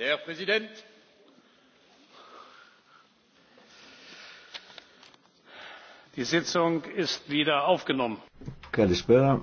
herr präsident die sitzung ist wieder aufgenommen. Καλησπέρα.